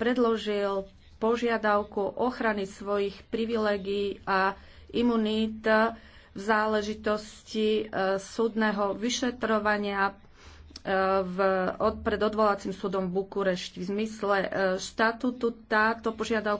predložil požiadavku ochrany svojich privilegií a imunít v záležitosti e, súdneho vyšetrovania e, v, od, pred odvolacím súdom Bukurešti V zmysle e, štatútu táto požiadavka